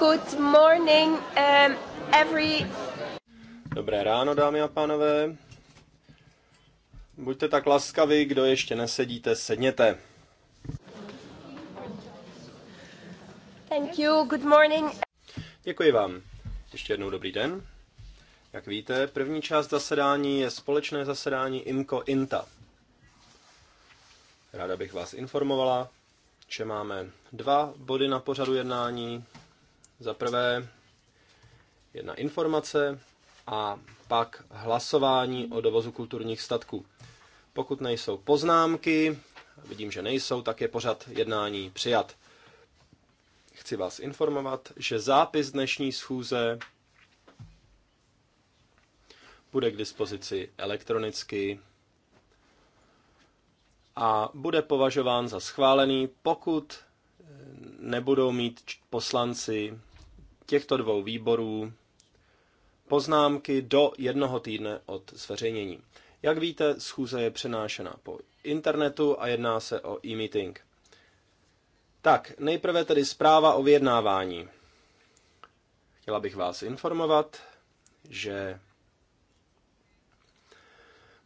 Good morning, um, every... Dobré ráno, dámy a pánové. Buďte tak laskaví, kdo ještě nesedíte, sedněte. Thank you, good morning. Děkuji vám. Ještě jednou dobrý den. Jak víte, první část zasedání je společné zasedání IMCO-INTA. Ráda bych vás informovala, že máme dva body na pořadu jednání. Za prvé jedna informace a pak hlasování o dovozu kulturních statků. Pokud nejsou poznámky, vidím, že nejsou, tak je pořad jednání přijat. Chci vás informovat, že zápis dnešní schůze bude k dispozici elektronicky a bude považován za schválený, pokud nebudou mít poslanci těchto dvou výborů poznámky do jednoho týdne od zveřejnění. Jak víte, schůze je přenášena po internetu a jedná se o e-meeting. Tak, nejprve tedy zpráva o vyjednávání. Chtěla bych vás informovat, že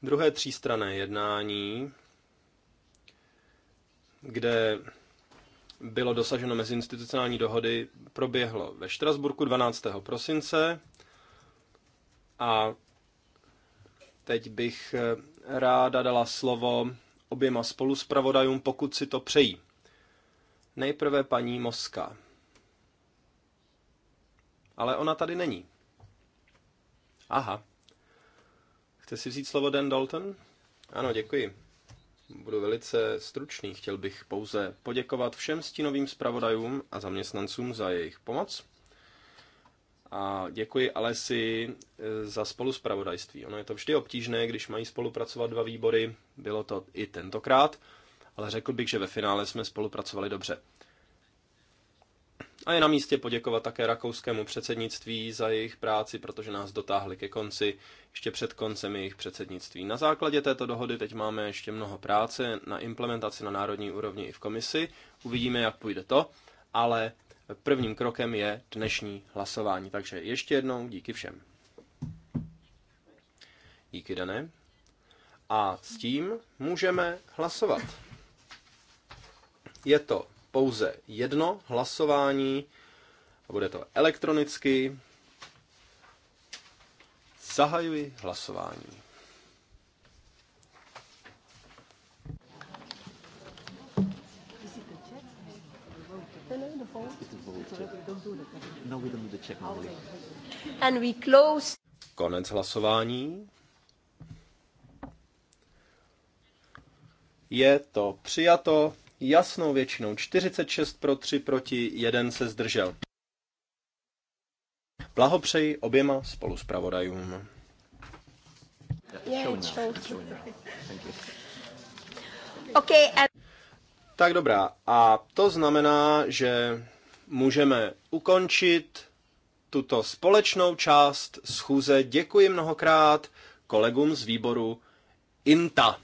druhé třístrané jednání, kde bylo dosaženo meziinstitucionální dohody, proběhlo ve Štrasburku 12. prosince a teď bych eh, ráda dala slovo oběma spoluspravodajům, pokud si to přejí. Nejprve paní Moska. Ale ona tady není. Aha. Chce si vzít slovo Dan Dalton? Ano, děkuji. Budu velice stručný, chtěl bych pouze poděkovat všem stínovým zpravodajům a zaměstnancům za jejich pomoc. A děkuji Alesi eh, za spoluspravodajství. Ono je to vždy obtížné, když mají spolupracovat dva výbory, bylo to i tentokrát, ale řekl bych, že ve finále jsme spolupracovali dobře. A je na místě poděkovat také rakouskému předsednictví za jejich práci, protože nás dotáhli ke konci, ještě před koncem jejich předsednictví. Na základě této dohody teď máme ještě mnoho práce na implementaci na národní úrovni i v komisi. Uvidíme, jak půjde to, ale prvním krokem je dnešní hlasování. Takže ještě jednou díky všem. Díky, Dané. A s tím můžeme hlasovat. Je to pouze jedno hlasování a bude to elektronicky. Zahajuji hlasování. No, no And we close. Konec hlasování. Je to přijato jasnou většinou 46 pro 3 proti 1 se zdržel. Blahopřeji oběma spolu s pravodajům. Tak dobrá, a to znamená, že můžeme ukončit tuto společnou část schůze. Děkuji mnohokrát kolegům z výboru INTA.